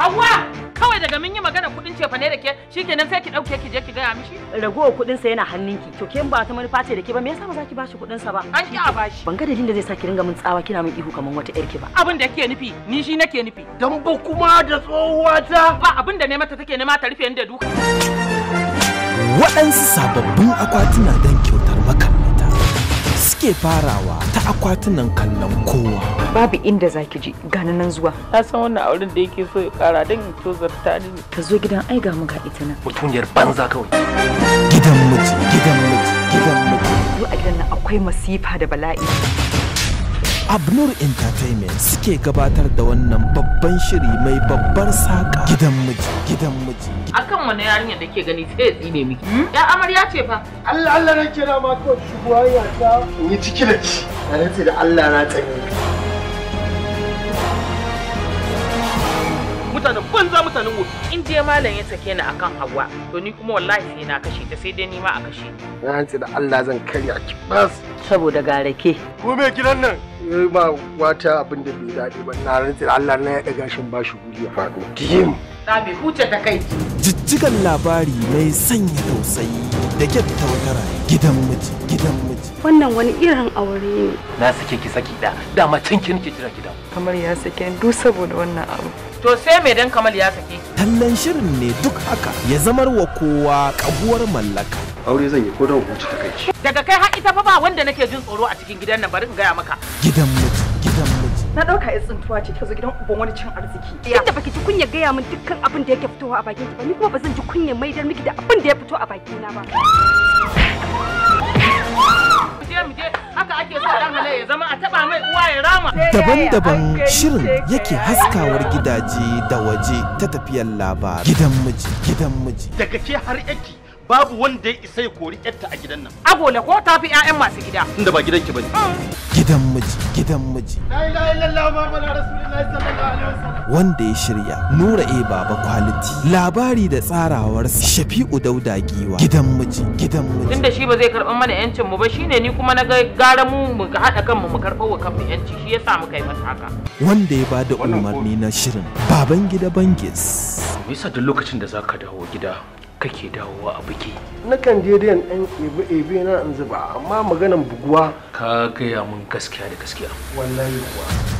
Hawwa! Kawai daga mun yi magana kuɗin cefa ne da ke shi nan sai ki ɗauke ki je ki gaya mishi. Ragowar kuɗin sa yana hannunki. To ke ba ta manufa ce da ke ba me yasa ba za ki bashi kuɗin sa ba? An ki a bashi. Ban ga dalilin da zai sa ki ringa min tsawa kina min ihu kamar wata ƴarki ba. Abin da ke nufi ni shi nake nufi. Dan ba kuma da ta. Ba abin da ne mata take nema ta rufe ni da duka. Waɗansu sababbin akwatuna don kyautar makamai. Ake farawa ta akwatunan kallon kowa. Babu inda za ki ji gani nan zuwa. Na san wannan auren da yake so ya kara don in to zarta ni. Ka zo gidan ai ga muka ita nan. Mutuniyar banza kawai. Gidan miji, gidan miji, gidan miji. Yau a gidan nan akwai masifa da bala'i. Abnur Entertainment suke gabatar da wannan babban shiri mai babbar saƙa gidan miji gidan miji. Akan wani yarinya da ke gani sai ya tsine miki. Ya amarya ce fa. Allah Allah na kira ma ko shugo hanya ta. Ni ciki da ci. Na rantsi da Allah na tsani. Mutanen banza mutanen wuri. In je malam ya sake ni akan hawa to ni kuma wallahi sai na kashe ta sai dai ni ma a kashe. Na rantsi da Allah zan karya ki bas. Saboda gareke. Ko me gidan nan? ma eh, wata abin da bai daɗe ba na rantsi Allah na ya ɗaga shin bashi guri ya faɗo. Diyim. Na huce ta kai. Jijjigan labari mai sanya tausayi da kyautawatara gidan miji gidan miji. Wannan wani irin aure ne. Na sake ki saki da dama can ki nake jira gidan. Kamar ya sake duk saboda wannan abu. To sai me dan Kamal ya sake. Tallan shirin ne duk haka ya zamar wa kowa kabuwar mallaka. aure zan yi ko don huci ta kai daga kai har ita fa ba wanda nake jin tsoro a cikin gidan nan bari in gaya maka gidan miji gidan miji na dauka ya tsintuwa ce ta zo gidan uban wani cin arziki inda baki ji kunya gaya min dukkan abin da yake fitowa a bakin ki ba ni kuma ba zan ji kunya maidar miki da abin da ya fito a na ba Daban-daban shirin yake haskawar gidaje da waje ta tafiyar labarai. Gidan miji, gidan miji. Daga ke har yake babu wanda ya isa ya kori yarta a gidan nan agola ko tafi ƴaƴan masu gida inda ba gidanki bane mm. gidan miji gidan miji la ilaha illallah muhammadu rasulullahi sallallahu alaihi wasallam wanda ya shirya nura e baba quality labari da tsarawar shafi'u dauda giwa gidan miji gidan miji tunda shi ba zai karɓi mana yancin mu ba shine ni kuma na ga gara mu mu haɗa kanmu mu karɓo wa kanmu yanci shi yasa muka yi masa haka wanda ya bada umarni na shirin baban gida bangis me duk lokacin da zaka dawo gida kake dawowa a buki nakan je da ɗan ebe ebe na in zuba amma maganan buguwa ka gaya mun gaskiya da gaskiya wallahi kuwa